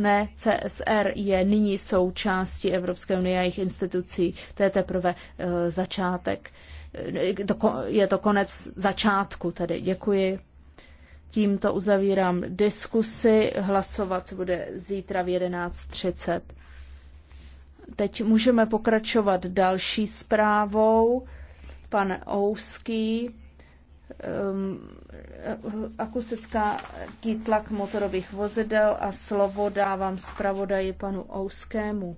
ne, CSR je nyní součástí Evropské unie a jejich institucí. To je teprve eh, začátek. Eh, je to konec začátku tedy. Děkuji. Tímto uzavírám diskusi. Hlasovat se bude zítra v 11.30. Teď můžeme pokračovat další zprávou. Pan Ouský um, akustická tlak motorových vozidel a slovo dávám zpravodaji panu Ouskému.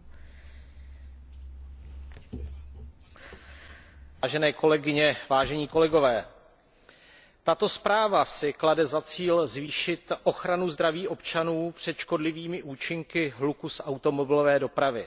Vážené kolegyně, vážení kolegové, tato zpráva si klade za cíl zvýšit ochranu zdraví občanů před škodlivými účinky hluku z automobilové dopravy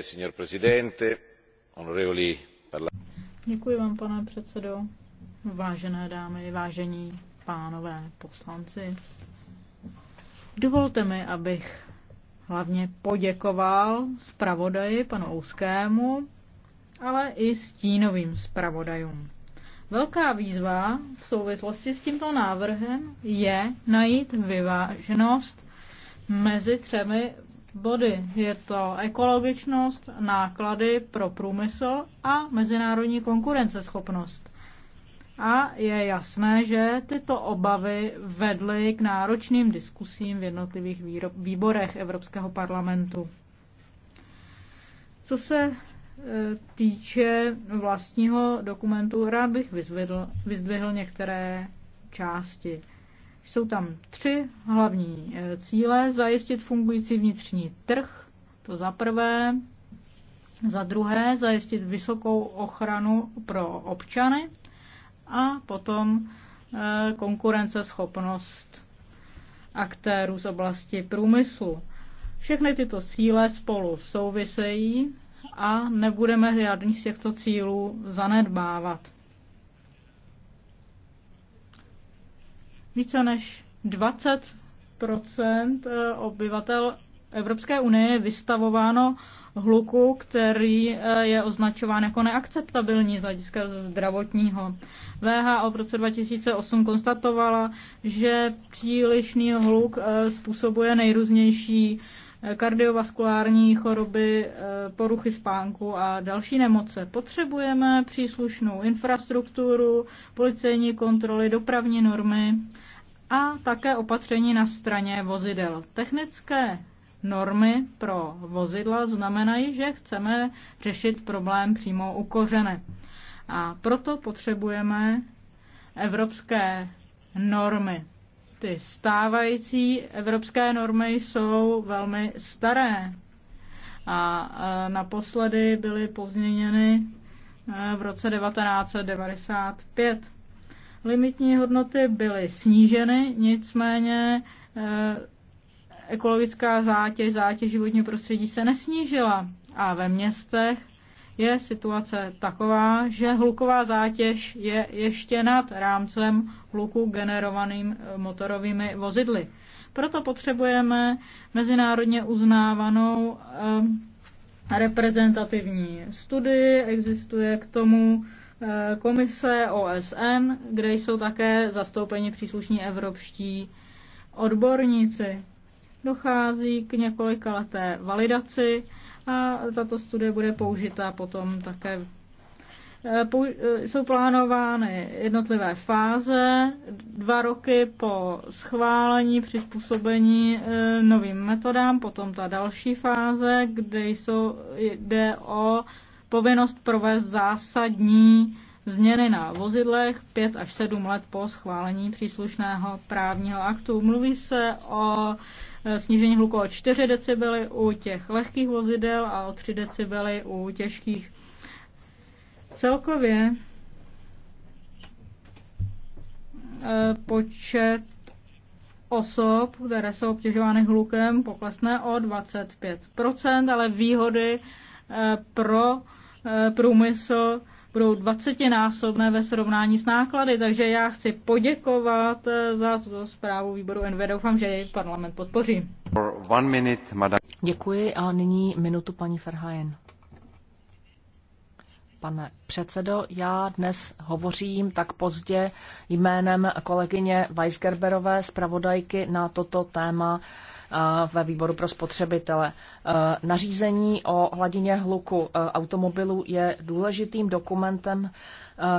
signor presidente, onorevoli Děkuji vám, pane předsedající vážené dámy, vážení pánové poslanci. Dovolte mi, abych hlavně poděkoval zpravodaji panu Ouskému, ale i stínovým zpravodajům. Velká výzva v souvislosti s tímto návrhem je najít vyváženost mezi třemi body. Je to ekologičnost, náklady pro průmysl a mezinárodní konkurenceschopnost. A je jasné, že tyto obavy vedly k náročným diskusím v jednotlivých výborech Evropského parlamentu. Co se e, týče vlastního dokumentu, rád bych vyzvedl, vyzdvihl některé části. Jsou tam tři hlavní eh, cíle. Zajistit fungující vnitřní trh, to za prvé. Za druhé, zajistit vysokou ochranu pro občany a potom eh, konkurenceschopnost aktérů z oblasti průmyslu. Všechny tyto cíle spolu souvisejí a nebudeme žádný z těchto cílů zanedbávat. Více než 20 eh, obyvatel Evropské unie je vystavováno hluku, který eh, je označován jako neakceptabilní z hlediska zdravotního. VHO v roce 2008 konstatovala, že přílišný hluk eh, způsobuje nejrůznější kardiovaskulární choroby, poruchy spánku a další nemoce. Potřebujeme příslušnou infrastrukturu, policejní kontroly, dopravní normy a také opatření na straně vozidel. Technické normy pro vozidla znamenají, že chceme řešit problém přímo u kořene. A proto potřebujeme evropské normy. Ty stávající evropské normy jsou velmi staré. A naposledy byly pozměněny e, v roce 1995. Limitní hodnoty byly sníženy, nicméně eh, ekologická zátěž, zátěž životního prostředí se nesnížila. A ve městech je situace taková, že hluková zátěž je ještě nad rámcem hluku generovaným eh, motorovými vozidly. Proto potřebujeme mezinárodně uznávanou eh, reprezentativní studii, existuje k tomu Eh, komise OSN, kde jsou také zastoupeni příslušní evropští odborníci. Dochází k několika leté validaci a tato studie bude použita potom také. Eh, eh, jsou plánovány jednotlivé fáze, dva roky po schválení, přizpůsobení novým metodám, potom ta další fáze, kde jsou, jde o povinnost provést zásadní změny na vozidlech 5 až 7 let po schválení příslušného právního aktu. Mluví se o e, snížení hluku o 4 decibely u těch lehkých vozidel a o 3 decibely u těžkých. Celkově e, počet osob, které jsou obtěžovány hlukem, poklesne o 25%, ale výhody Eh, pro eh, průmysl budou násobné ve srovnání s náklady, takže já chci poděkovat eh, za tuto zprávu výboru NV. Doufám, že ji parlament podpoří. Děkuji a nyní minutu paní Ferhajen. Pane předsedo, já dnes hovořím tak pozdě jménem kolegyně Weisgerberové, zpravodajky na toto téma Eh, ve výboru pro spotřebitele. Eh, nařízení o hladině hluku eh, automobilů je důležitým dokumentem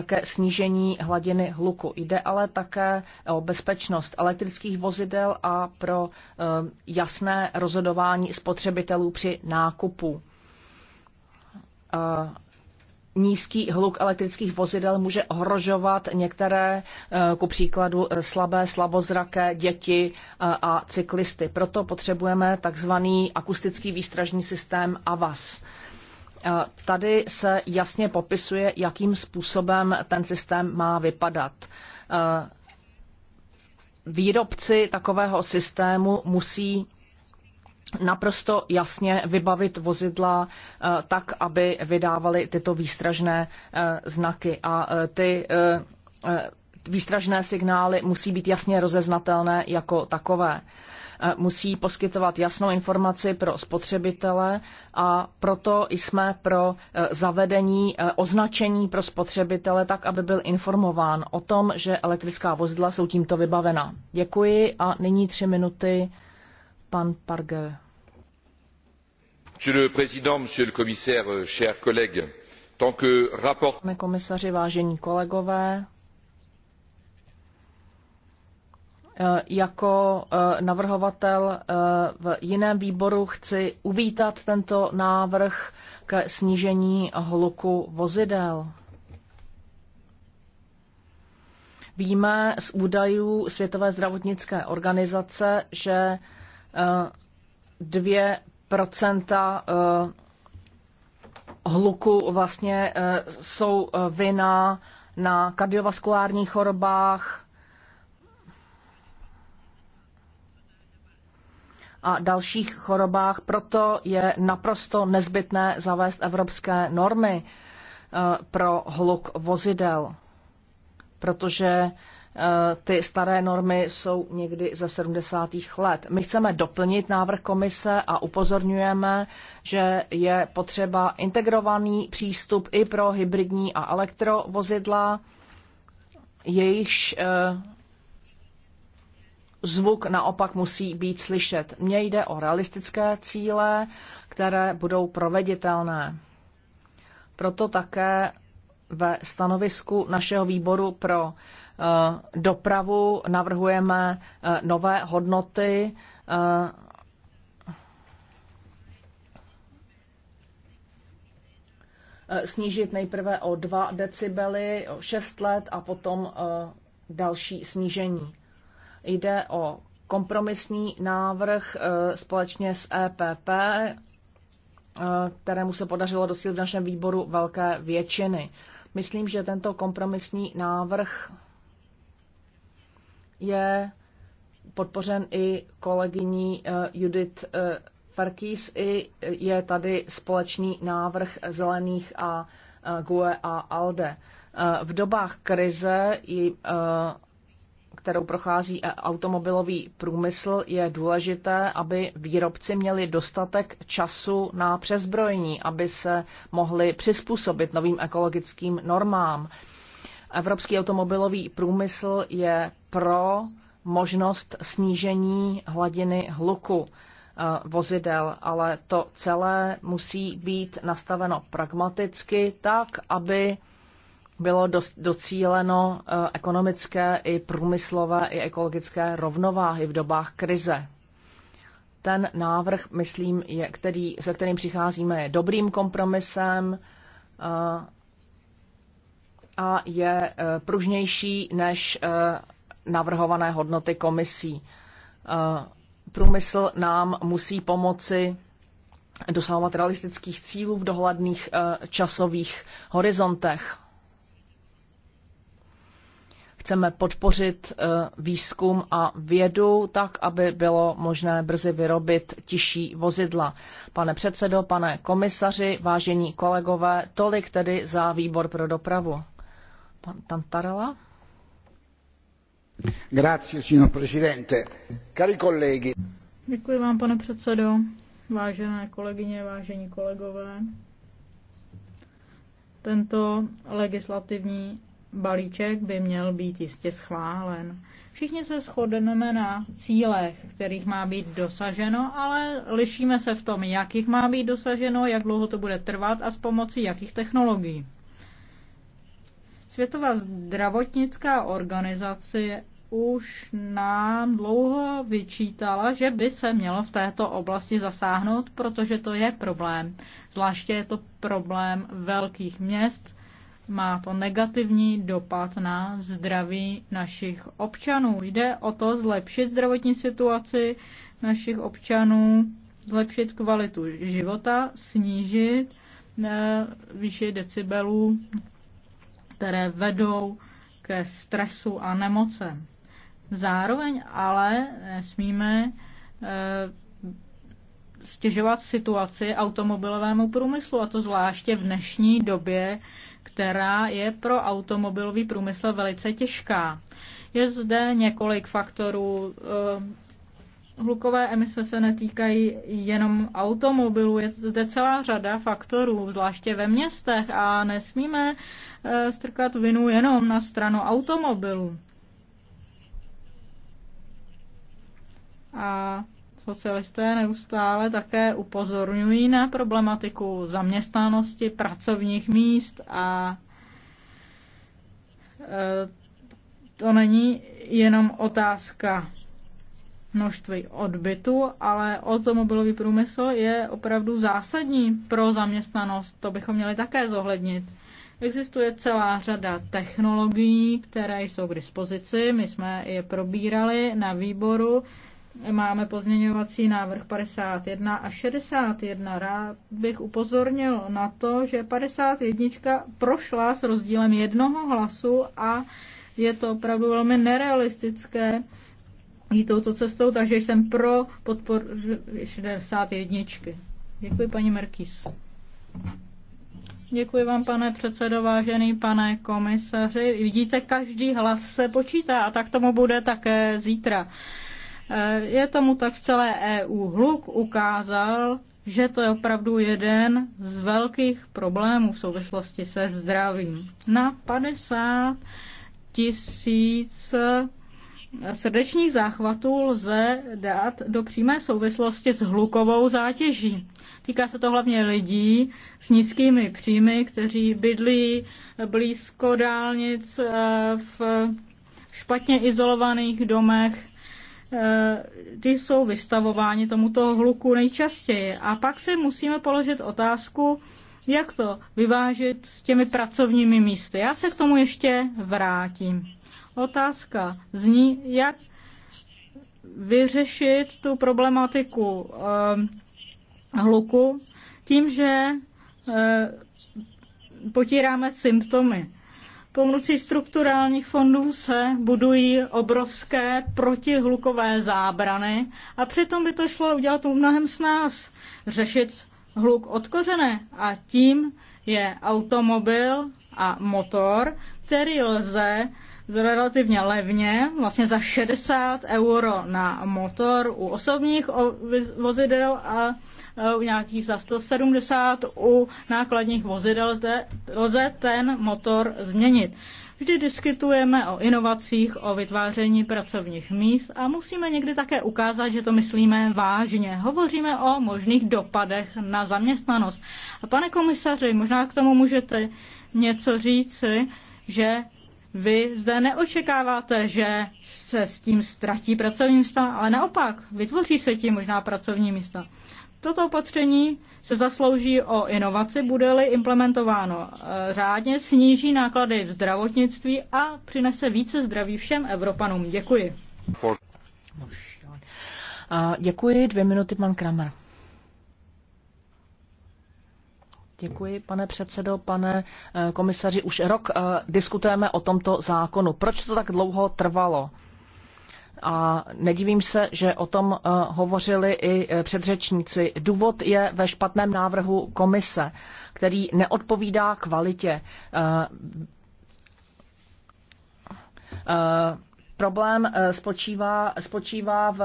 ke snížení hladiny hluku. Jde ale také o bezpečnost elektrických vozidel a pro jasné rozhodování spotřebitelů při nákupu nízký hluk elektrických vozidel může ohrožovat některé, eh, ku příkladu eh, slabé, slabozraké děti eh, a cyklisty. Proto potřebujeme takzvaný akustický výstražní systém AVAS. Tady se jasně popisuje, jakým způsobem ten systém má vypadat. Výrobci takového systému musí naprosto jasně vybavit vozidla eh, tak, aby vydávali tyto výstražné eh, znaky a eh, ty výstražné signály musí být jasně rozeznatelné jako takové. Musí poskytovat jasnou informaci pro spotřebitele a proto jsme pro zavedení označení pro spotřebitele tak, aby byl informován o tom, že elektrická vozidla jsou tímto vybavena. Děkuji a nyní tři minuty Pan Pargel. Monsieur le président, monsieur le commissaire, euh, chers collègues, tant que rapport... Pane komisaři, vážení kolegové, eh, jako eh, navrhovatel eh, v jiném výboru chci uvítat tento návrh ke snížení hluku vozidel. Víme z údajů Světové zdravotnické organizace, že Dvě procenta eh, hluku vlastně eh, jsou eh, vina na kardiovaskulárních chorobách a dalších chorobách. Proto je naprosto nezbytné zavést evropské normy pro hluk vozidel, protože Eh, ty staré normy jsou někdy ze 70. let. My chceme doplnit návrh komise a upozorňujeme, že je potřeba integrovaný přístup i pro hybridní a elektrovozidla, jejichž eh, zvuk naopak musí být slyšet. Mně jde o realistické cíle, které budou proveditelné. Proto také ve stanovisku našeho výboru pro Eh, dopravu navrhujeme eh, nové hodnoty. Eh, snížit nejprve o 2 decibely, 6 let a potom další snížení. Jde o kompromisní návrh společně s EPP, kterému se podařilo dosílit v našem výboru velké většiny. Myslím, že tento kompromisní návrh je podpořen i kolegyní eh, Judith eh, Farkis i je tady společný návrh zelených a eh, GUE a ALDE. V dobách krize, kterou prochází automobilový průmysl, je důležité, aby výrobci měli dostatek času na přezbrojení, aby se mohli přizpůsobit novým ekologickým normám Evropský automobilový průmysl je pro možnost snížení hladiny hluku eh, vozidel, ale to celé musí být nastaveno pragmaticky tak, aby bylo docíleno eh, ekonomické i průmyslové i ekologické rovnováhy v dobách krize. Ten návrh, myslím, je, který, se kterým přicházíme, je dobrým kompromisem eh, a je eh, pružnější než eh, navrhované hodnoty komisí. Eh, průmysl nám musí pomoci dosahovat realistických cílů v dohledných časových horizontech. Chceme podpořit výzkum a vědu tak, aby bylo možné brzy vyrobit tiší vozidla. Pane předsedo, pane komisaři, vážení kolegové, tolik tedy za výbor pro dopravu. Pan Tantarela. Grazie, signor presidente. Cari colleghi. Děkuji vám, pane předsedo, vážené kolegyně, vážení kolegové. Tento legislativní balíček by měl být jistě schválen. Všichni se shodneme na cílech, kterých má být dosaženo, ale lišíme se v tom, jak jich má být dosaženo, jak dlouho to bude trvat a s pomocí jakých technologií. Světová zdravotnická organizace už nám dlouho vyčítala, že by se mělo v této oblasti zasáhnout, protože to je problém. Zvláště je to problém velkých měst. Má to negativní dopad na zdraví našich občanů. Jde o to zlepšit zdravotní situaci našich občanů, zlepšit kvalitu života, snížit eh, výši decibelů které vedou ke stresu a nemocem. Zároveň ale eh, smíme eh, stěžovat situaci automobilovému průmyslu, a to zvláště v dnešní době, která je pro automobilový průmysl velice těžká. Je zde několik faktorů eh, hlukové emise se netýkají jenom automobilů, je zde celá řada faktorů, zvláště ve městech a nesmíme eh, strkat vinu jenom na stranu automobilů. A socialisté neustále také upozorňují na problematiku zaměstnanosti pracovních míst a eh, to není jenom otázka množství odbytu, ale automobilový průmysl je opravdu zásadní pro zaměstnanost. To bychom měli také zohlednit. Existuje celá řada technologií, které jsou k dispozici. My jsme je probírali na výboru. Máme pozměňovací návrh 51 a 61. Rád bych upozornil na to, že 51 prošla s rozdílem jednoho hlasu a je to opravdu velmi nerealistické jít touto cestou, takže jsem pro podporu 61. Děkuji, paní Merkis. Děkuji vám, pane předsedo, vážený pane komisaři. Vidíte, každý hlas se počítá a tak tomu bude také zítra. Eh, je tomu tak v celé EU. Hluk ukázal, že to je opravdu jeden z velkých problémů v souvislosti se zdravím. Na 50 tisíc 000 srdečních záchvatů lze dát do přímé souvislosti s hlukovou zátěží. Týká se to hlavně lidí s nízkými příjmy, kteří bydlí blízko dálnic eh, v špatně izolovaných domech. Eh, Ty jsou vystavováni tomuto hluku nejčastěji. A pak si musíme položit otázku, jak to vyvážit s těmi pracovními místy. Já se k tomu ještě vrátím otázka zní, jak vyřešit tu problematiku eh, hluku tím, že eh, potíráme symptomy. Pomocí strukturálních fondů se budují obrovské protihlukové zábrany a přitom by to šlo udělat mnohem s nás, řešit hluk od kořene a tím je automobil a motor, který lze relativně levně, vlastně za 60 euro na motor u osobních vozidel a e, u nějakých za 170 u nákladních vozidel zde lze ten motor změnit. Vždy diskutujeme o inovacích, o vytváření pracovních míst a musíme někdy také ukázat, že to myslíme vážně. Hovoříme o možných dopadech na zaměstnanost. A pane komisaři, možná k tomu můžete něco říci, že vy zde neočekáváte, že se s tím ztratí pracovní místa, ale naopak, vytvoří se tím možná pracovní místa. Toto opatření se zaslouží o inovaci, bude-li implementováno eh, řádně, sníží náklady v zdravotnictví a přinese více zdraví všem Evropanům. Děkuji. Děkuji. Dvě minuty, pan Kramer. Děkuji, pane předsedo, pane eh, komisaři. Už rok eh, diskutujeme o tomto zákonu. Proč to tak dlouho trvalo? A nedivím se, že o tom eh, hovořili i předřečníci. Důvod je ve špatném návrhu komise, který neodpovídá kvalitě. Problém spočívá, spočívá v,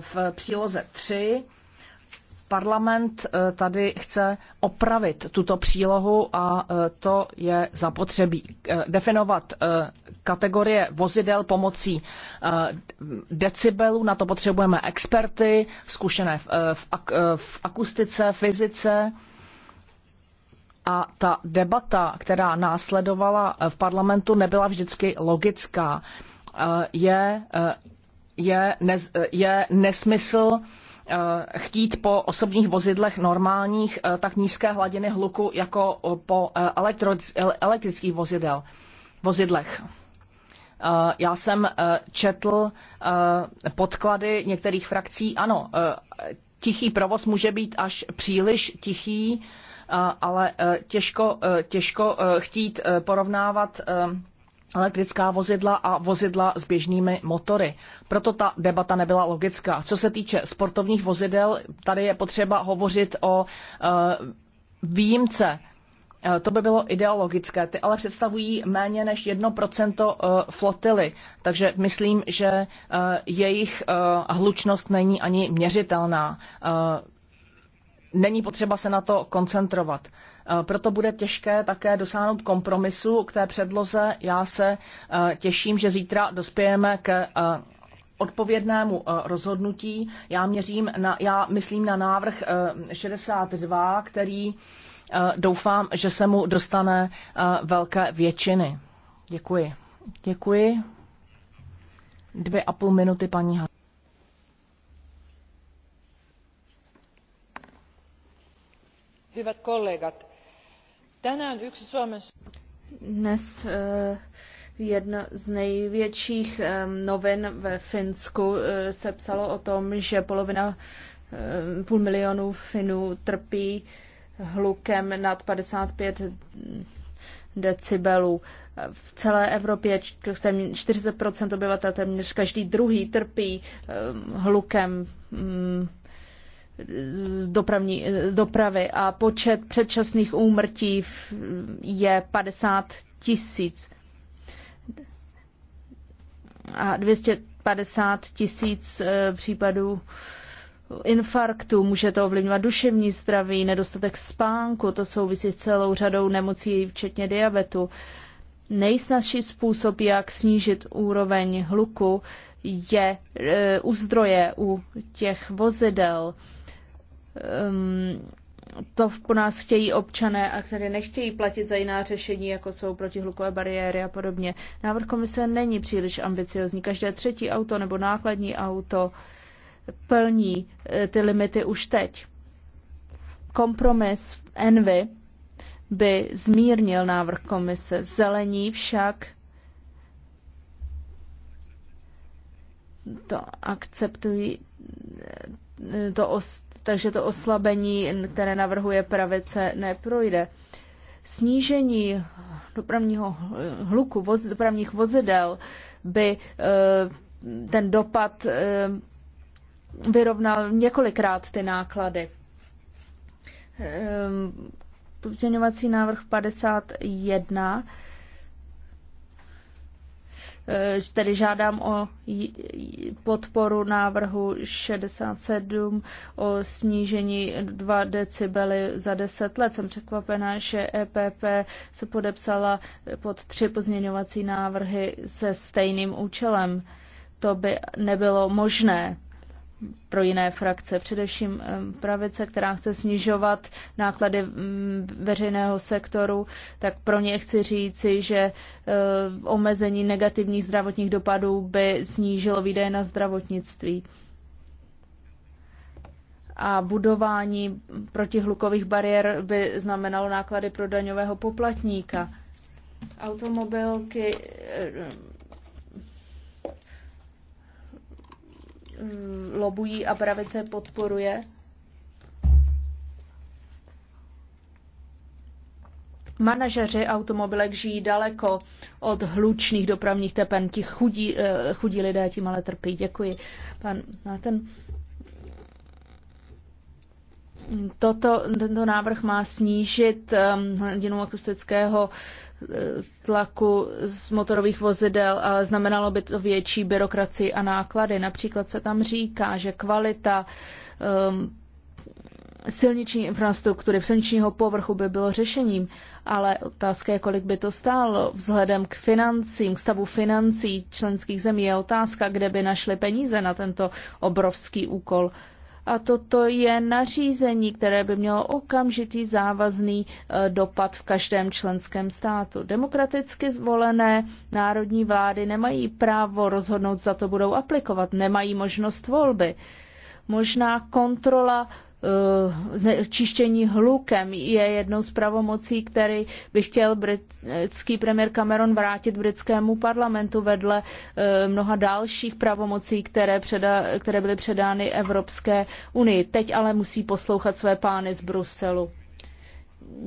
v příloze 3 Parlament eh, tady chce opravit tuto přílohu a eh, to je zapotřebí. Eh, definovat kategorie vozidel pomocí decibelů, na to potřebujeme experty, zkušené v akustice, fyzice. A ta debata, která následovala v parlamentu, nebyla vždycky logická. Je, je, je nesmysl Eh, chtít po osobních vozidlech normálních eh, tak nízké hladiny hluku jako eh, po elektrických vozidel, vozidlech. Já jsem četl podklady některých frakcí. Ano, tichý provoz může být až příliš tichý, ale těžko, těžko chtít porovnávat elektrická vozidla a vozidla s běžnými motory. Proto ta debata nebyla logická. Co se týče sportovních vozidel, tady je potřeba hovořit o eh, výjimce eh, to by bylo ideologické. Ty ale představují méně než 1% eh, flotily, takže myslím, že jejich hlučnost není ani měřitelná není potřeba se na to koncentrovat. E, proto bude těžké také dosáhnout kompromisu k té předloze. Já se e, těším, že zítra dospějeme k e, odpovědnému rozhodnutí. Já, měřím na, já myslím na návrh 62, který doufám, že se mu dostane velké většiny. Děkuji. Děkuji. Dvě a půl minuty paní Has. hyvät kollegat tänään yksi Suomen... Dnes eh, jedna z největších eh, novin ve Finsku eh, se psalo o tom, že polovina půl milionu Finů trpí hlukem nad 55 decibelů. V celé Evropě 40 obyvatel, téměř každý druhý trpí hlukem mm, z, dopravní, z dopravy a počet předčasných úmrtí je 50 tisíc. A 250 tisíc eh, případů infarktu, může to ovlivňovat duševní zdraví, nedostatek spánku, to souvisí s celou řadou nemocí, včetně diabetu. Nejsnažší způsob, jak snížit úroveň hluku, je eh, u zdroje, u těch vozidel um, to po nás chtějí občané a které nechtějí platit za jiná řešení, jako jsou protihlukové bariéry a podobně. Návrh komise není příliš ambiciozní. Každé třetí auto nebo nákladní auto plní eh, ty limity už teď. Kompromis Envy by zmírnil návrh komise. Zelení však to akceptují, eh, to os, takže to oslabení, které navrhuje pravice, neprojde. Snížení dopravního hluku voz, dopravních vozidel by eh, ten dopad eh, vyrovnal několikrát ty náklady. Eh, pozměňovací návrh 51 Eh, tedy žádám o podporu návrhu 67 o snížení 2 decibely za 10 let. Jsem překvapená, že EPP se podepsala pod tři pozměňovací návrhy se stejným účelem. To by nebylo možné pro jiné frakce, především eh, pravice, která chce snižovat náklady mm, veřejného sektoru, tak pro ně chci říci, že eh, omezení negativních zdravotních dopadů by snížilo výdaje na zdravotnictví. A budování protihlukových bariér by znamenalo náklady pro daňového poplatníka. Automobilky eh, Mm, lobují a pravice podporuje. Manažeři automobilek žijí daleko od hlučných dopravních tepen. Ti chudí, eh, chudí lidé tím ale trpí. Děkuji. Pan, ten, toto, tento návrh má snížit um, hladinu akustického tlaku z motorových vozidel a znamenalo by to větší byrokracii a náklady. Například se tam říká, že kvalita um, silniční infrastruktury, silničního povrchu by bylo řešením, ale otázka je, kolik by to stálo. Vzhledem k financím, k stavu financí členských zemí je otázka, kde by našli peníze na tento obrovský úkol. Uh, a toto je nařízení, které by mělo okamžitý závazný e, dopad v každém členském státu. Demokraticky zvolené národní vlády nemají právo rozhodnout, zda to budou aplikovat, nemají možnost volby. Možná kontrola Eh, čištění hlukem je jednou z pravomocí, který by chtěl britský premiér Cameron vrátit britskému parlamentu vedle eh, mnoha dalších pravomocí, které, předá, které byly předány Evropské unii. Teď ale musí poslouchat své pány z Bruselu.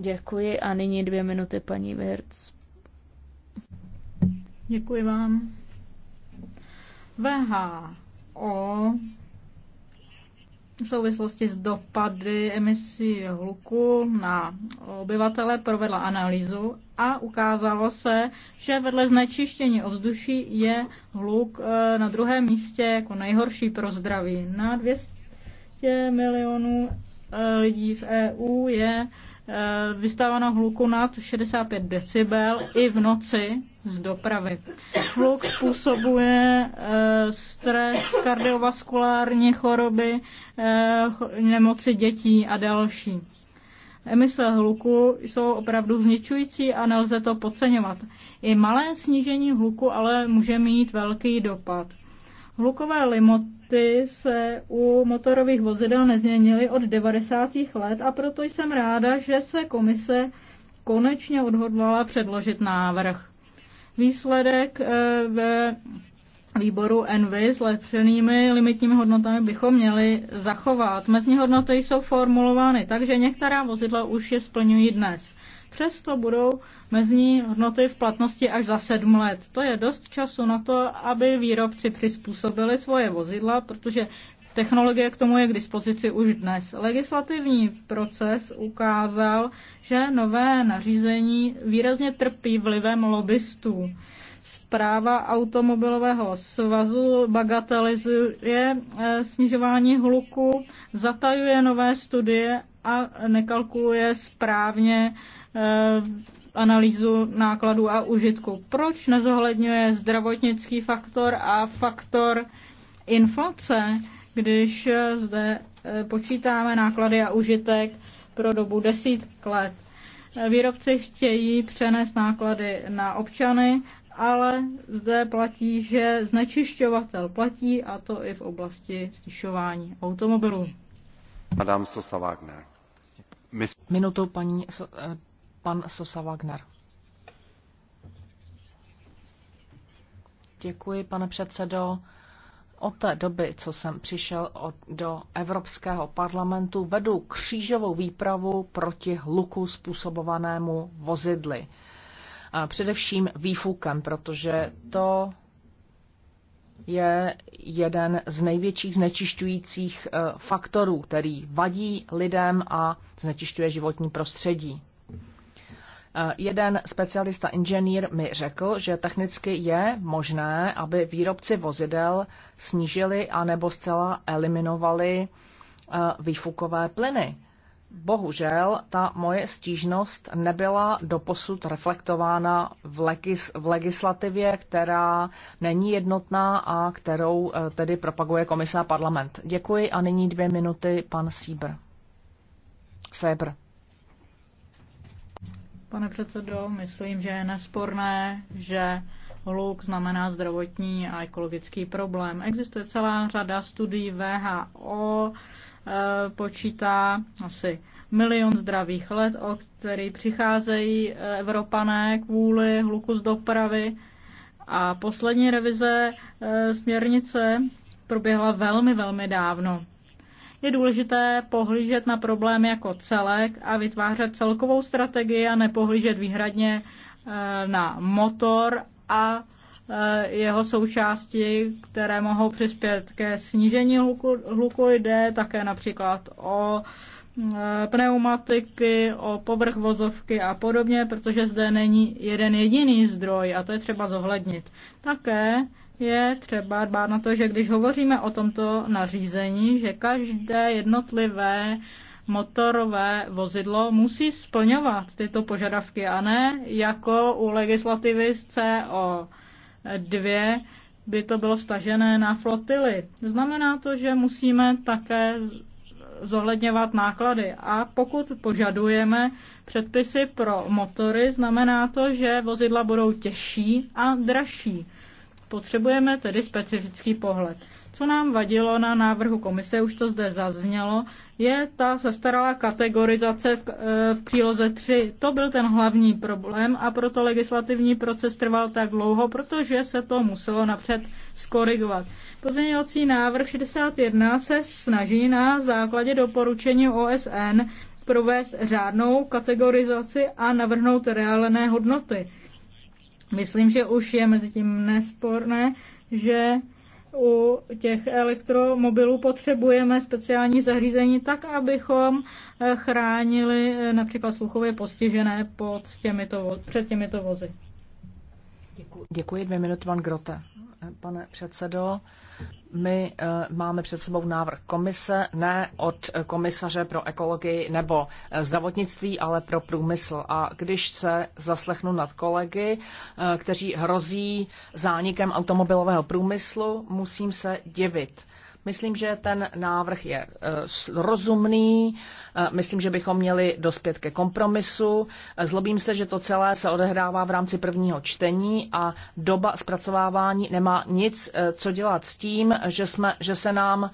Děkuji a nyní dvě minuty paní Virc. Děkuji vám. VHO v souvislosti s dopady emisí hluku na obyvatele provedla analýzu a ukázalo se, že vedle znečištění ovzduší je hluk e, na druhém místě jako nejhorší pro zdraví. Na 200 milionů e, lidí v EU je e, vystaveno hluku nad 65 decibel i v noci z dopravy. Hluk způsobuje eh, stres, kardiovaskulární choroby, eh, nemoci dětí a další. Emise hluku jsou opravdu zničující a nelze to podceňovat. I malé snížení hluku ale může mít velký dopad. Hlukové limity se u motorových vozidel nezměnily od 90. let a proto jsem ráda, že se komise konečně odhodlala předložit návrh. Výsledek eh, ve výboru NV s lepšenými limitními hodnotami bychom měli zachovat. Mezní hodnoty jsou formulovány tak, že některá vozidla už je splňují dnes. Přesto budou mezní hodnoty v platnosti až za sedm let. To je dost času na to, aby výrobci přizpůsobili svoje vozidla, protože Technologie k tomu je k dispozici už dnes. Legislativní proces ukázal, že nové nařízení výrazně trpí vlivem lobbystů. Zpráva automobilového svazu bagatelizuje eh, snižování hluku, zatajuje nové studie a nekalkuluje správně eh, analýzu nákladů a užitku. Proč nezohledňuje zdravotnický faktor a faktor inflace? když eh, zde eh, počítáme náklady a užitek pro dobu desít let. Eh, výrobci chtějí přenést náklady na občany, ale zde platí, že znečišťovatel platí a to i v oblasti stišování automobilů. Madame Sosa Wagner. Mis... Minutou paní, pan Sosa Wagner. Děkuji, pane předsedo. Od té doby, co jsem přišel od, do Evropského parlamentu, vedu křížovou výpravu proti hluku způsobovanému vozidly. A především výfukem, protože to je jeden z největších znečišťujících eh, faktorů, který vadí lidem a znečišťuje životní prostředí. Eh, jeden specialista inženýr mi řekl, že technicky je možné, aby výrobci vozidel snížili anebo zcela eliminovali eh, výfukové plyny. Bohužel ta moje stížnost nebyla doposud reflektována v, legis, v legislativě, která není jednotná a kterou eh, tedy propaguje komise a parlament. Děkuji a nyní dvě minuty pan Sýbr. Sébr pane předsedo. Myslím, že je nesporné, že hluk znamená zdravotní a ekologický problém. Existuje celá řada studií VHO, eh, počítá asi milion zdravých let, o který přicházejí eh, Evropané kvůli hluku z dopravy. A poslední revize eh, směrnice proběhla velmi, velmi dávno. Je důležité pohlížet na problém jako celek a vytvářet celkovou strategii a nepohlížet výhradně eh, na motor a eh, jeho součásti, které mohou přispět ke snížení hluku, hluku jde také například o eh, pneumatiky, o povrch vozovky a podobně, protože zde není jeden jediný zdroj a to je třeba zohlednit. Také je třeba dbát na to, že když hovoříme o tomto nařízení, že každé jednotlivé motorové vozidlo musí splňovat tyto požadavky a ne jako u legislativy z CO2 by to bylo vstažené na flotily. Znamená to, že musíme také zohledňovat náklady. A pokud požadujeme předpisy pro motory, znamená to, že vozidla budou těžší a dražší. Potřebujeme tedy specifický pohled. Co nám vadilo na návrhu komise, už to zde zaznělo, je ta zastaralá kategorizace v, eh, v příloze 3. To byl ten hlavní problém a proto legislativní proces trval tak dlouho, protože se to muselo napřed skorigovat. Pozměňovací návrh 61 se snaží na základě doporučení OSN provést řádnou kategorizaci a navrhnout reálné hodnoty. Myslím, že už je mezi tím nesporné, že u těch elektromobilů potřebujeme speciální zařízení tak, abychom eh, chránili eh, například sluchově postižené pod těmito, před těmito vozy. Děkuji. Děkuji dvě minuty, pan Grote. Pane předsedo, my eh, máme před sebou návrh komise, ne od komisaře pro ekologii nebo eh, zdravotnictví, ale pro průmysl. A když se zaslechnu nad kolegy, eh, kteří hrozí zánikem automobilového průmyslu, musím se divit. Myslím, že ten návrh je eh, rozumný, eh, myslím, že bychom měli dospět ke kompromisu. Eh, zlobím se, že to celé se odehrává v rámci prvního čtení a doba zpracovávání nemá nic co dělat s tím, že, jsme, že se nám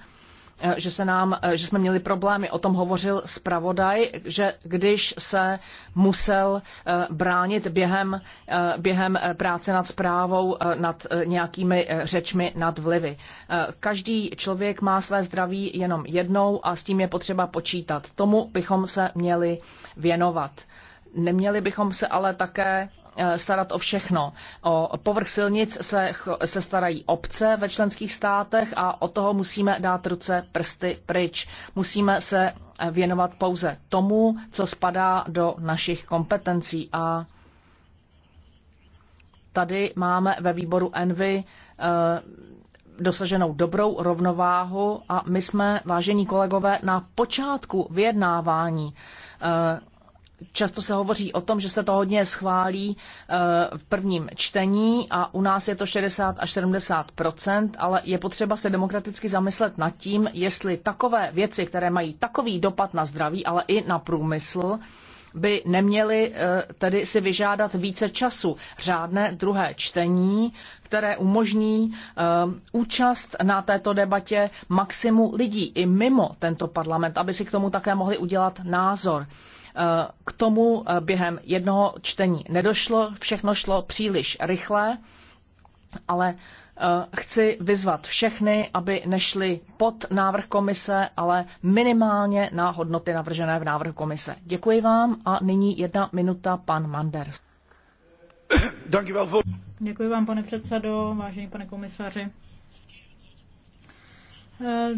Eh, že, se nám, eh, že jsme měli problémy. O tom hovořil zpravodaj, že když se musel eh, bránit během, během práce nad zprávou, nad nějakými řečmi, nad vlivy. Každý člověk má své zdraví jenom jednou a s tím je potřeba počítat. Tomu bychom se měli věnovat. Neměli bychom se ale také Eh, starat o všechno. O povrch silnic se, se starají obce ve členských státech a od toho musíme dát ruce prsty pryč. Musíme se eh, věnovat pouze tomu, co spadá do našich kompetencí a tady máme ve výboru Envy eh, dosaženou dobrou rovnováhu a my jsme, vážení kolegové, na počátku vyjednávání Často se hovoří o tom, že se to hodně schválí eh, v prvním čtení a u nás je to 60 až 70 ale je potřeba se demokraticky zamyslet nad tím, jestli takové věci, které mají takový dopad na zdraví, ale i na průmysl, by neměly eh, tedy si vyžádat více času. Řádné druhé čtení, které umožní eh, účast na této debatě maximu lidí i mimo tento parlament, aby si k tomu také mohli udělat názor. K tomu eh, během jednoho čtení nedošlo, všechno šlo příliš rychle, ale eh, chci vyzvat všechny, aby nešli pod návrh komise, ale minimálně na hodnoty navržené v návrhu komise. Děkuji vám a nyní jedna minuta pan Manders. Děkuji vám, pane předsedo, vážený pane komisaři. Eh,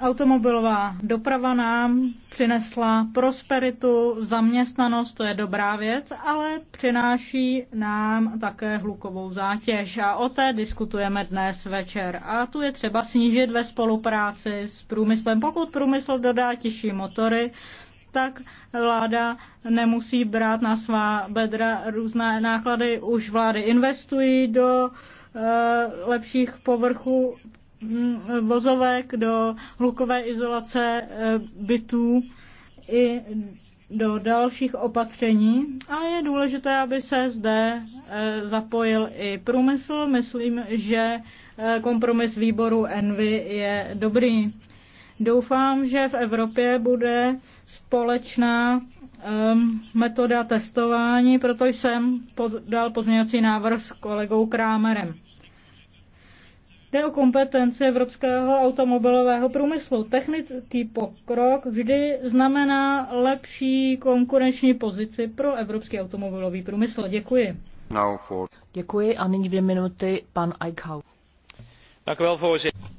Automobilová doprava nám přinesla prosperitu, zaměstnanost, to je dobrá věc, ale přináší nám také hlukovou zátěž a o té diskutujeme dnes večer. A tu je třeba snížit ve spolupráci s průmyslem. Pokud průmysl dodá těžší motory, tak vláda nemusí brát na svá bedra různé náklady. Už vlády investují do eh, lepších povrchů Hm, vozovek, do hlukové izolace eh, bytů i do dalších opatření a je důležité, aby se zde eh, zapojil i průmysl. Myslím, že eh, kompromis výboru Envy je dobrý. Doufám, že v Evropě bude společná ehm, metoda testování, proto jsem dal pozměňovací návrh s kolegou Krámerem. Jde o kompetenci evropského automobilového průmyslu. Technický pokrok vždy znamená lepší konkurenční pozici pro evropský automobilový průmysl. Děkuji. Děkuji a nyní dvě minuty pan Eichhau.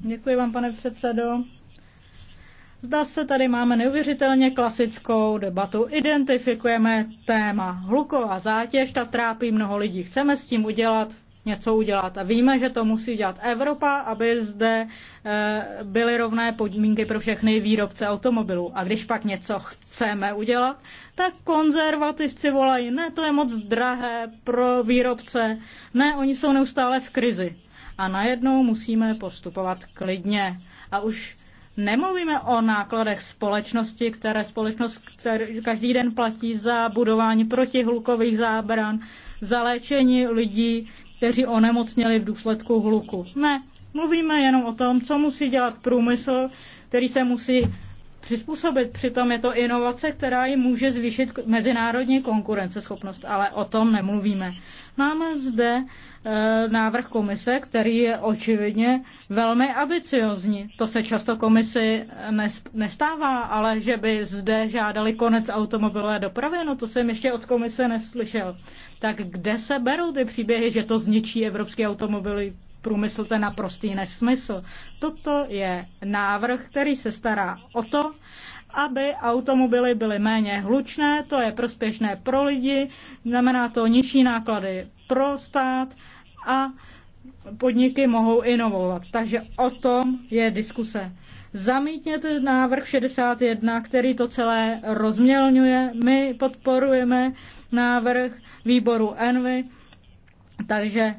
Děkuji vám, pane předsedo. Zdá se, tady máme neuvěřitelně klasickou debatu. Identifikujeme téma hluková zátěž, ta trápí mnoho lidí. Chceme s tím udělat něco udělat. A víme, že to musí dělat Evropa, aby zde eh, byly rovné podmínky pro všechny výrobce automobilů. A když pak něco chceme udělat, tak konzervativci volají, ne, to je moc drahé pro výrobce, ne, oni jsou neustále v krizi. A najednou musíme postupovat klidně. A už Nemluvíme o nákladech společnosti, které společnost který každý den platí za budování protihlukových zábran, za léčení lidí, kteří onemocněli v důsledku hluku. Ne, mluvíme jenom o tom, co musí dělat průmysl, který se musí přizpůsobit. Přitom je to inovace, která jim může zvýšit mezinárodní konkurenceschopnost, ale o tom nemluvíme. Máme zde e, návrh komise, který je očividně velmi ambiciozní. To se často komisi nestává, ale že by zde žádali konec automobilové dopravy, no to jsem ještě od komise neslyšel. Tak kde se berou ty příběhy, že to zničí evropský automobilový průmysl, to je naprostý nesmysl. Toto je návrh, který se stará o to, aby automobily byly méně hlučné, to je prospěšné pro lidi, znamená to nižší náklady pro stát a podniky mohou inovovat. Takže o tom je diskuse. Zamítněte návrh 61, který to celé rozmělňuje. My podporujeme návrh výboru Envy, takže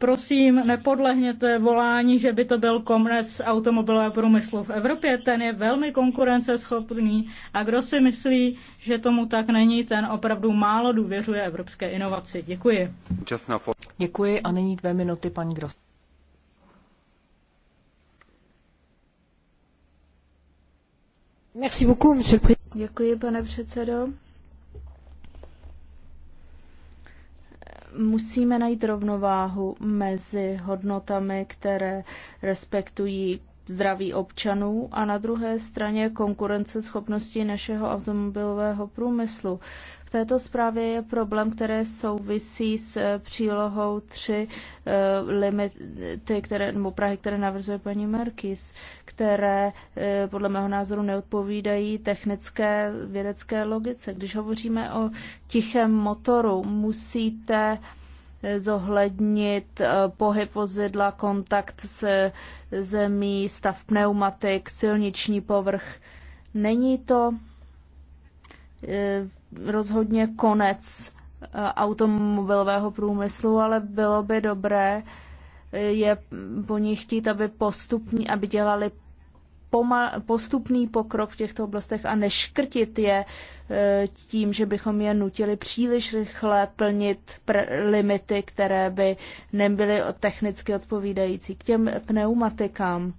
Prosím, nepodlehněte volání, že by to byl konec automobilového průmyslu v Evropě. Ten je velmi konkurenceschopný a kdo si myslí, že tomu tak není, ten opravdu málo důvěřuje evropské inovaci. Děkuji. Děkuji a nyní dvě minuty, paní Gros. Děkuji, pane předsedo. musíme najít rovnováhu mezi hodnotami, které respektují zdraví občanů a na druhé straně konkurenceschopnosti našeho automobilového průmyslu. V této zprávě je problém, které souvisí s eh, přílohou 3 eh, limity, které, nebo Prahy, které navrzuje paní Merkis, které eh, podle mého názoru neodpovídají technické vědecké logice. Když hovoříme o tichém motoru, musíte uh, zohlednit eh, pohyb vozidla, kontakt s zemí, stav pneumatik, silniční povrch. Není to eh, rozhodně konec eh, automobilového průmyslu, ale bylo by dobré je po nich chtít, aby postupně, aby dělali postupný pokrok v těchto oblastech a neškrtit je e, tím, že bychom je nutili příliš rychle plnit limity, které by nebyly technicky odpovídající k těm pneumatikám.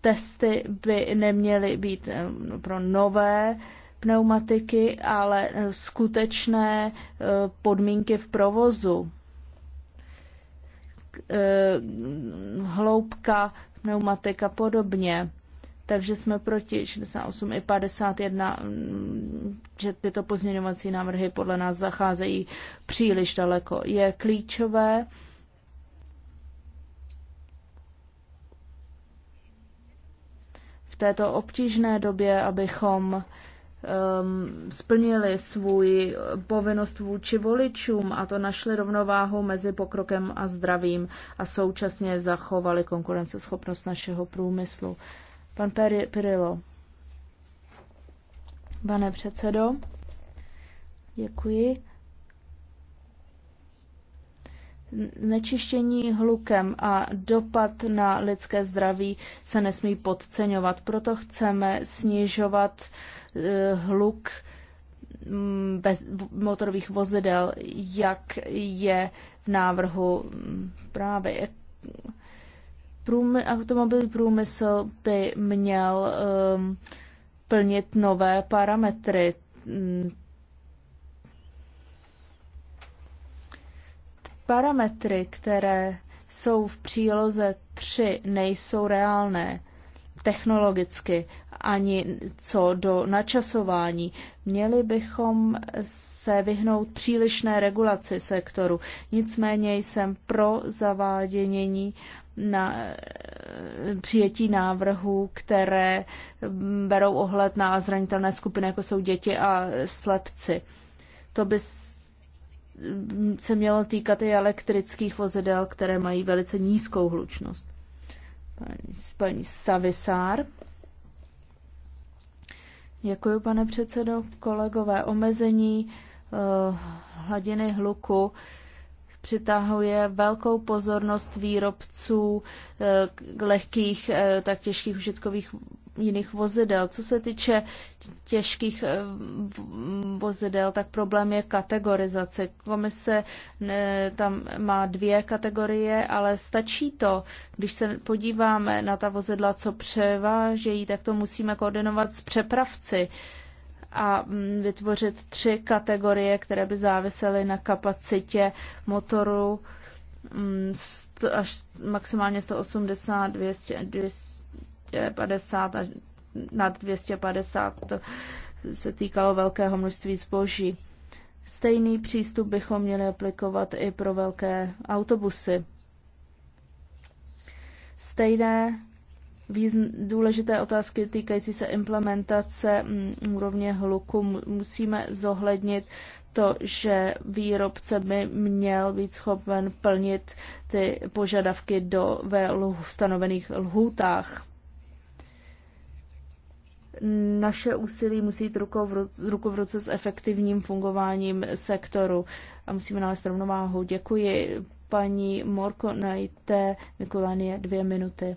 Testy by neměly být e, no, pro nové pneumatiky, ale skutečné e, podmínky v provozu. Hloubka pneumatika podobně takže jsme proti 68 i 51, že tyto pozměňovací návrhy podle nás zacházejí příliš daleko. Je klíčové, v této obtížné době, abychom um, splnili svůj povinnost vůči voličům a to našli rovnováhu mezi pokrokem a zdravím a současně zachovali konkurenceschopnost našeho průmyslu. Uh, Pan Pirilo. Pane předsedo, děkuji. Nečištění hlukem a dopad na lidské zdraví se nesmí podceňovat. Proto chceme snižovat eh, hluk mm, bez motorových vozidel, jak je v návrhu mm, právě Průmy, automobilový průmysl by měl um, plnit nové parametry. Mm. Parametry, které jsou v příloze 3, nejsou reálné technologicky ani co do načasování. Měli bychom se vyhnout přílišné regulaci sektoru. Nicméně jsem pro zavádění na eh, přijetí návrhů, které berou ohled na zranitelné skupiny, jako jsou děti a slepci. To by se mělo týkat i elektrických vozidel, které mají velice nízkou hlučnost. Paní, paní Savisár. Děkuji, pane předsedo. Kolegové, omezení uh, hladiny hluku uh, přitahuje velkou pozornost výrobců eh, lehkých, eh, tak těžkých užitkových jiných vozidel. Co se týče těžkých eh, vozidel, tak problém je kategorizace. Komise tam má dvě kategorie, ale stačí to. Když se podíváme na ta vozidla, co převážejí, tak to musíme koordinovat s přepravci a mm, vytvořit tři kategorie, které by závisely na kapacitě motoru mm, až maximálně 180, 200, 250 až nad 250 to se týkalo velkého množství zboží. Stejný přístup bychom měli aplikovat i pro velké autobusy. Stejné důležité otázky týkající se implementace mm, úrovně hluku musíme zohlednit to, že výrobce by měl být schopen plnit ty požadavky do, ve stanovených lhůtách. Naše úsilí musí jít ruku v, ruce, ruku v ruce s efektivním fungováním sektoru a musíme nalézt rovnováhu. Děkuji paní Morko, najte Mikulánie dvě minuty.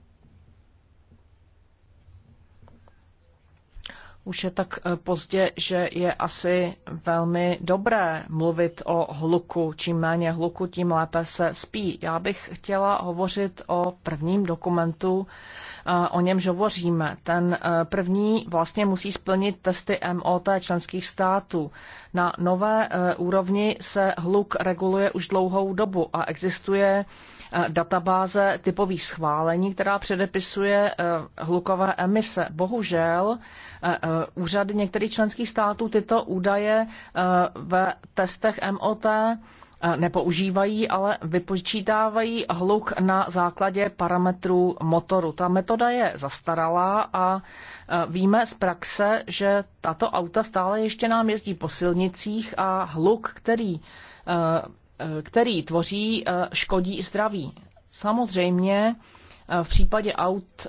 Už je tak eh, pozdě, že je asi velmi dobré mluvit o hluku. Čím méně hluku, tím lépe se spí. Já bych chtěla hovořit o prvním dokumentu, eh, o němž hovoříme. Ten eh, první vlastně musí splnit testy MOT členských států. Na nové úrovni se hluk reguluje už dlouhou dobu a existuje Eh, databáze typových schválení, která předepisuje eh, hlukové emise. Bohužel eh, úřady některých členských států tyto údaje ve testech MOT nepoužívají, ale vypočítávají hluk na základě parametrů motoru. Ta metoda je zastaralá a víme z praxe, že tato auta stále ještě nám jezdí po silnicích a hluk, který Eh, který tvoří, eh, škodí zdraví. Samozřejmě eh, v případě aut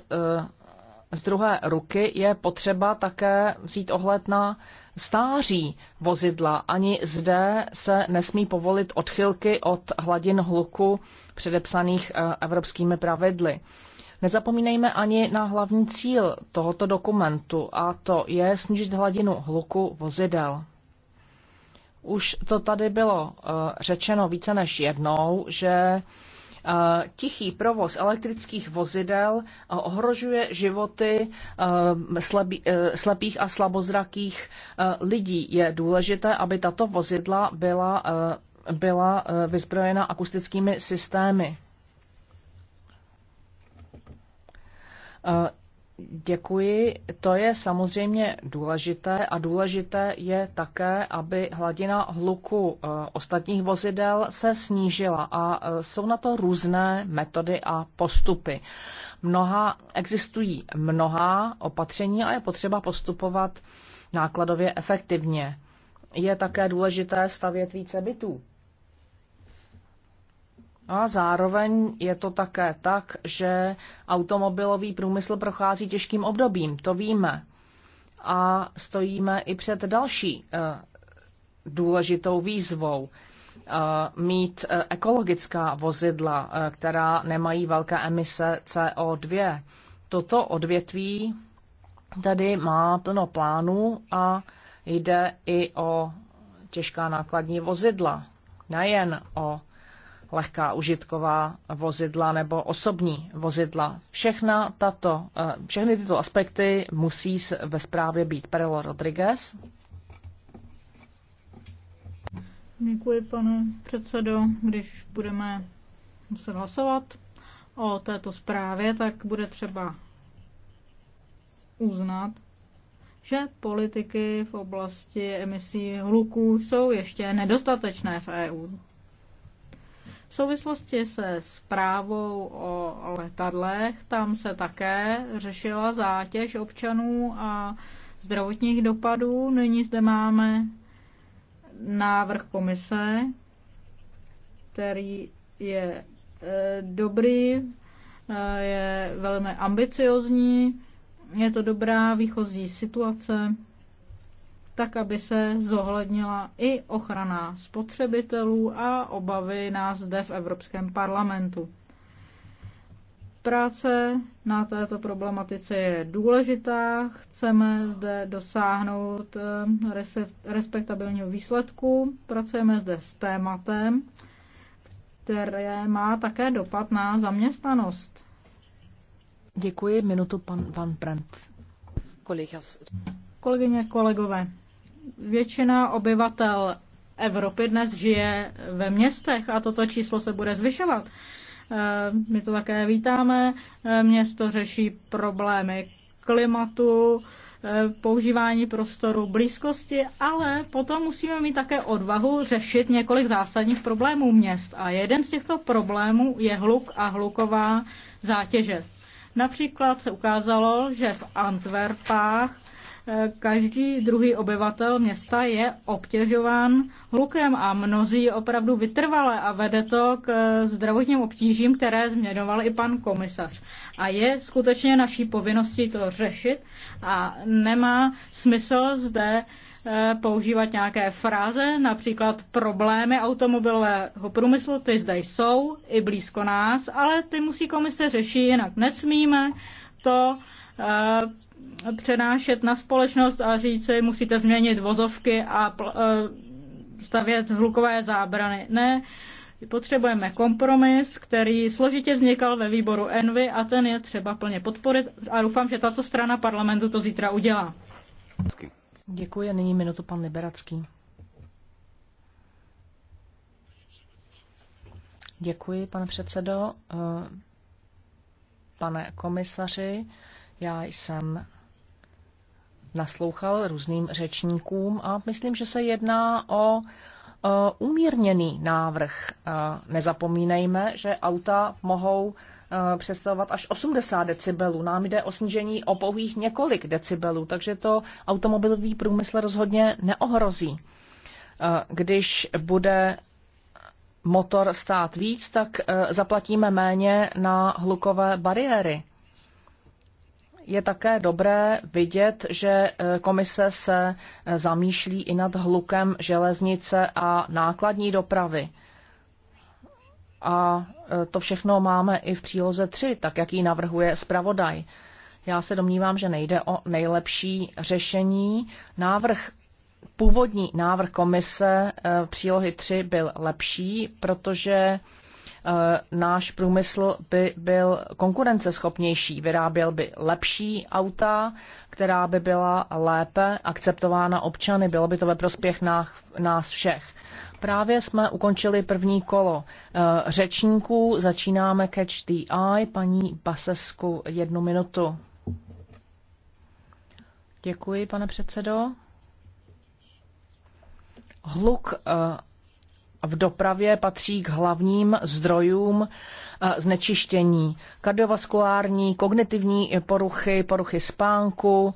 z druhé ruky je potřeba také vzít ohled na stáří vozidla. Ani zde se nesmí povolit odchylky od hladin hluku předepsaných evropskými pravidly. Nezapomínejme ani na hlavní cíl tohoto dokumentu, a to je snížit hladinu hluku vozidel. Už to tady bylo eh, řečeno více než jednou, že eh, tichý provoz elektrických vozidel eh, ohrožuje životy slepých a slabozrakých lidí. Je důležité, aby tato vozidla byla, byla vyzbrojena akustickými systémy. Děkuji. To je samozřejmě důležité a důležité je také, aby hladina hluku eh, ostatních vozidel se snížila a eh, jsou na to různé metody a postupy. Mnoha, existují mnoha opatření a je potřeba postupovat nákladově efektivně. Je také důležité stavět více bytů. A zároveň je to také tak, že automobilový průmysl prochází těžkým obdobím, to víme. A stojíme i před další eh, důležitou výzvou eh, mít eh, ekologická vozidla, která nemají velké emise CO2. Toto odvětví tady má plno plánů a jde i o těžká nákladní vozidla, nejen o lehká užitková vozidla nebo osobní vozidla. Všechna tato, eh, všechny tyto aspekty musí ve zprávě být. Perelo Rodriguez. Děkuji, pane předsedo. Když budeme muset hlasovat o této zprávě, tak bude třeba uznat, že politiky v oblasti emisí hluků jsou ještě nedostatečné v EU. V souvislosti se zprávou o letadlech tam se také řešila zátěž občanů a zdravotních dopadů. Nyní zde máme návrh komise, který je e, dobrý, e, je velmi ambiciozní, je to dobrá výchozí situace tak aby se zohlednila i ochrana spotřebitelů a obavy nás zde v Evropském parlamentu. Práce na této problematice je důležitá. Chceme zde dosáhnout eh, respektabilního výsledku. Pracujeme zde s tématem, které má také dopad na zaměstnanost. Děkuji. Minutu pan Van Brandt. Kolegyně, kolegové, většina obyvatel Evropy dnes žije ve městech a toto číslo se bude zvyšovat. Eh, my to také vítáme. Eh, město řeší problémy klimatu, eh, používání prostoru, blízkosti, ale potom musíme mít také odvahu řešit několik zásadních problémů měst. A jeden z těchto problémů je hluk a hluková zátěže. Například se ukázalo, že v Antwerpách Každý druhý obyvatel města je obtěžován hlukem a mnozí opravdu vytrvale a vede to k zdravotním obtížím, které změnoval i pan komisař. A je skutečně naší povinností to řešit a nemá smysl zde eh, používat nějaké fráze, například problémy automobilového průmyslu, ty zde jsou i blízko nás, ale ty musí komise řešit, jinak nesmíme to Eh, přenášet na společnost a říct si, musíte změnit vozovky a eh, stavět hlukové zábrany. Ne, potřebujeme kompromis, který složitě vznikal ve výboru Envy a ten je třeba plně podporit a doufám, že tato strana parlamentu to zítra udělá. Děkuji. Nyní minutu pan Liberacký. Děkuji, pane předsedo. Eh, pane komisaři, já jsem naslouchal různým řečníkům a myslím, že se jedná o umírněný návrh. Nezapomínejme, že auta mohou e, představovat až 80 decibelů. Nám jde o snížení o pouhých několik decibelů, takže to automobilový průmysl rozhodně neohrozí. E, když bude motor stát víc, tak e, zaplatíme méně na hlukové bariéry je také dobré vidět, že e, komise se e, zamýšlí i nad hlukem železnice a nákladní dopravy. A e, to všechno máme i v příloze 3, tak jak ji navrhuje zpravodaj. Já se domnívám, že nejde o nejlepší řešení. Návrh Původní návrh komise přílohy 3 byl lepší, protože Eh, náš průmysl by byl konkurenceschopnější, vyráběl by lepší auta, která by byla lépe akceptována občany, bylo by to ve prospěch nás všech. Právě jsme ukončili první kolo eh, řečníků, začínáme Catch the Eye, paní Basesku, jednu minutu. Děkuji, pane předsedo. Hluk eh, v dopravě patří k hlavním zdrojům eh, znečištění. Kardiovaskulární, kognitivní poruchy, poruchy spánku,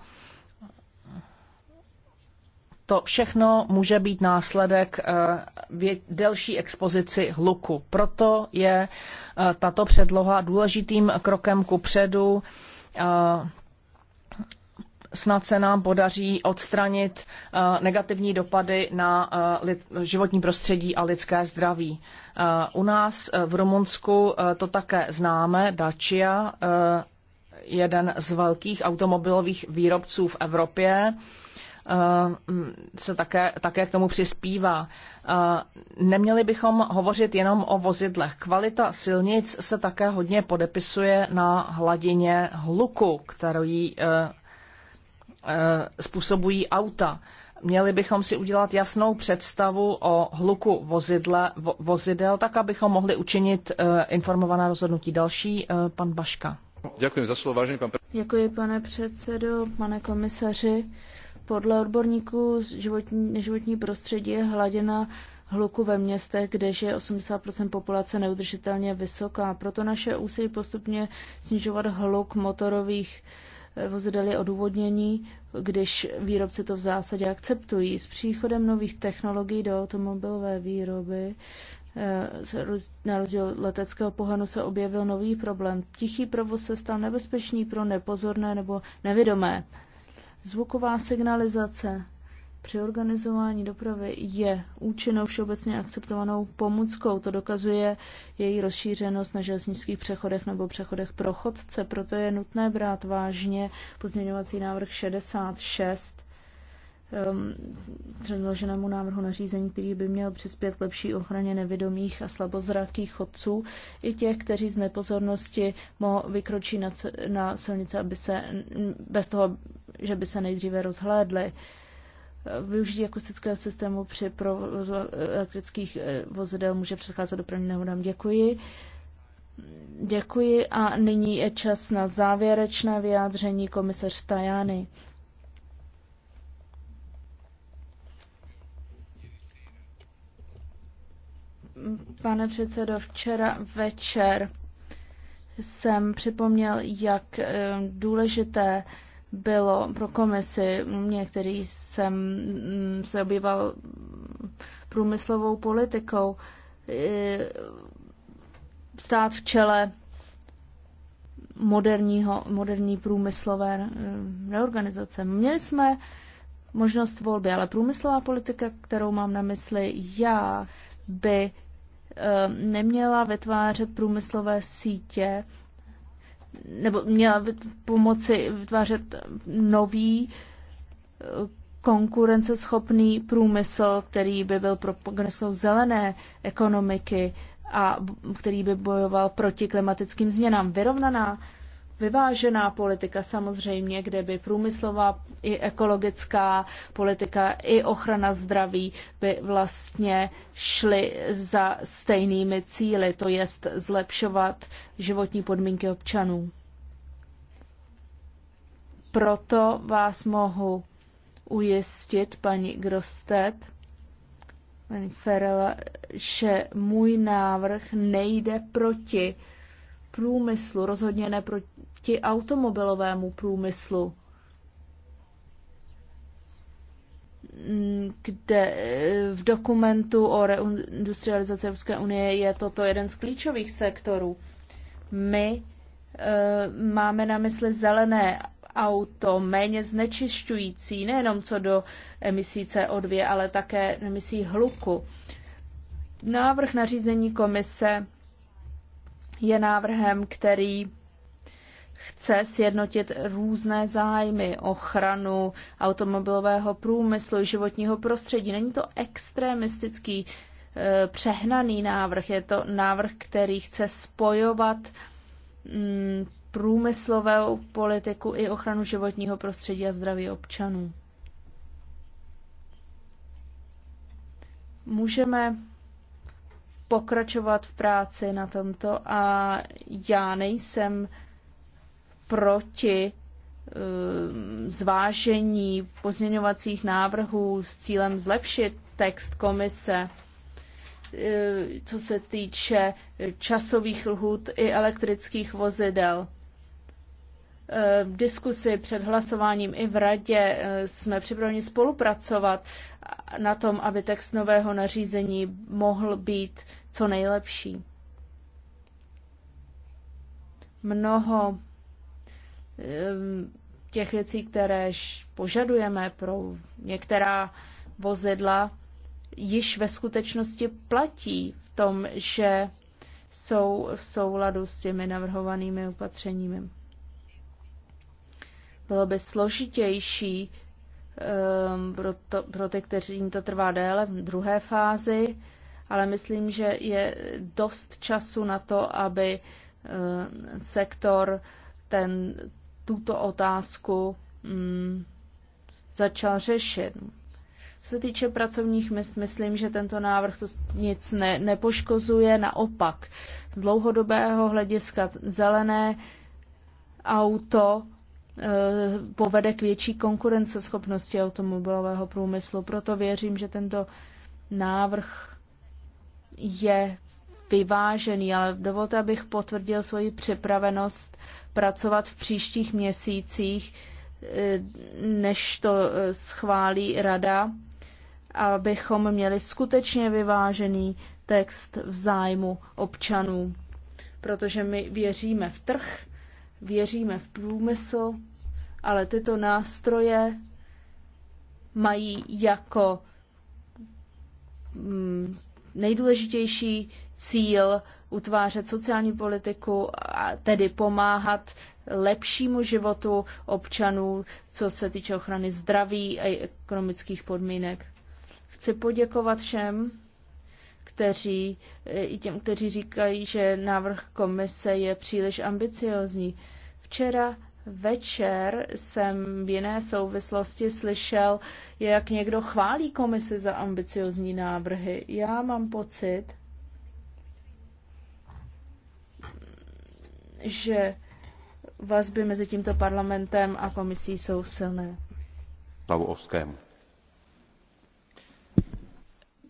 to všechno může být následek eh, delší expozici hluku. Proto je eh, tato předloha důležitým krokem ku předu snad se nám podaří odstranit eh, negativní dopady na eh, životní prostředí a lidské zdraví. Eh, u nás v Rumunsku to také známe, Dacia, jeden z velkých automobilových výrobců v Evropě, se také, také k tomu přispívá. Neměli bychom hovořit jenom o vozidlech. Kvalita silnic se také hodně podepisuje na hladině hluku, který Eh, způsobují auta. Měli bychom si udělat jasnou představu o hluku vozidle, vo, vozidel, tak abychom mohli učinit eh, informovaná rozhodnutí. Další, eh, pan Baška. Děkuji za slovo, vážený pan Děkuji, pane předsedo, pane komisaři. Podle odborníků životní, životní prostředí je hladina hluku ve městech, kde je 80 populace neudržitelně vysoká. Proto naše úsilí postupně snižovat hluk motorových vozidel je odůvodnění, když výrobci to v zásadě akceptují. S příchodem nových technologií do automobilové výroby eh, na rozdíl leteckého pohonu se objevil nový problém. Tichý provoz se stal nebezpečný pro nepozorné nebo nevědomé. Zvuková signalizace organizování dopravy je účinnou všeobecně akceptovanou pomůckou. To dokazuje její rozšířenost na železnických přechodech nebo přechodech pro chodce. Proto je nutné brát vážně pozměňovací návrh 66 ehm, předloženému návrhu nařízení, který by měl přispět k lepší ochraně nevědomých a slabozrakých chodců i těch, kteří z nepozornosti mo vykročí na, na silnice, aby se, bez toho, že by se nejdříve rozhlédli. Využití akustického systému při provozu elektrických eh, vozidel může předcházet dopravní nehodám. Děkuji. Děkuji a nyní je čas na závěrečné vyjádření komisař Tajany. Pane předsedo, včera večer jsem připomněl, jak eh, důležité bylo pro komisi, mě, který jsem mm, se obýval průmyslovou politikou, stát v čele moderního, moderní průmyslové eh, reorganizace. Měli jsme možnost volby, ale průmyslová politika, kterou mám na mysli já, by eh, neměla vytvářet průmyslové sítě, nebo měla by pomoci vytvářet nový eh, konkurenceschopný průmysl, který by byl pro zelené ekonomiky a který by bojoval proti klimatickým změnám. Vyrovnaná vyvážená politika samozřejmě, kde by průmyslová i ekologická politika i ochrana zdraví by vlastně šly za stejnými cíly, to jest zlepšovat životní podmínky občanů. Proto vás mohu ujistit, paní Grostet, paní Ferela, že můj návrh nejde proti průmyslu, rozhodně ne proti automobilovému průmyslu, kde eh, v dokumentu o reindustrializaci Evropské unie je toto jeden z klíčových sektorů. My eh, máme na mysli zelené auto, méně znečišťující, nejenom co do emisí CO2, ale také emisí hluku. Návrh nařízení komise je návrhem, který chce sjednotit různé zájmy, ochranu automobilového průmyslu, životního prostředí. Není to extremistický, eh, přehnaný návrh, je to návrh, který chce spojovat mm, průmyslovou politiku i ochranu životního prostředí a zdraví občanů. Můžeme pokračovat v práci na tomto a já nejsem proti eh, zvážení pozměňovacích návrhů s cílem zlepšit text komise, eh, co se týče časových lhůt i elektrických vozidel v diskusi před hlasováním i v radě eh, jsme připraveni spolupracovat na tom, aby text nového nařízení mohl být co nejlepší. Mnoho eh, těch věcí, které požadujeme pro některá vozidla, již ve skutečnosti platí v tom, že jsou v souladu s těmi navrhovanými opatřeními bylo by složitější um, pro, to, pro ty, kteří jim to trvá déle v druhé fázi, ale myslím, že je dost času na to, aby um, sektor ten, tuto otázku um, začal řešit. Co se týče pracovních míst, myslím, že tento návrh to nic ne, nepoškozuje, naopak. Z dlouhodobého hlediska zelené auto Eh, povede k větší konkurenceschopnosti automobilového průmyslu. Proto věřím, že tento návrh je vyvážený, ale dovolte, abych potvrdil svoji připravenost pracovat v příštích měsících, eh, než to eh, schválí rada, abychom měli skutečně vyvážený text v zájmu občanů. Protože my věříme v trh, věříme v průmysl, ale tyto nástroje mají jako mm, nejdůležitější cíl utvářet sociální politiku a tedy pomáhat lepšímu životu občanů, co se týče ochrany zdraví a ekonomických podmínek. Chci poděkovat všem, kteří, eh, i těm, kteří říkají, že návrh komise je příliš ambiciozní. Včera večer jsem v jiné souvislosti slyšel, jak někdo chválí komisi za ambiciozní návrhy. Já mám pocit, že vazby mezi tímto parlamentem a komisí jsou silné. Pavlovskému.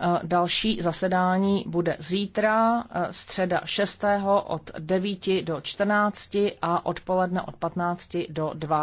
Eh, další zasedání bude zítra, eh, středa 6. od 9 do 14 a odpoledne od 15 do 2.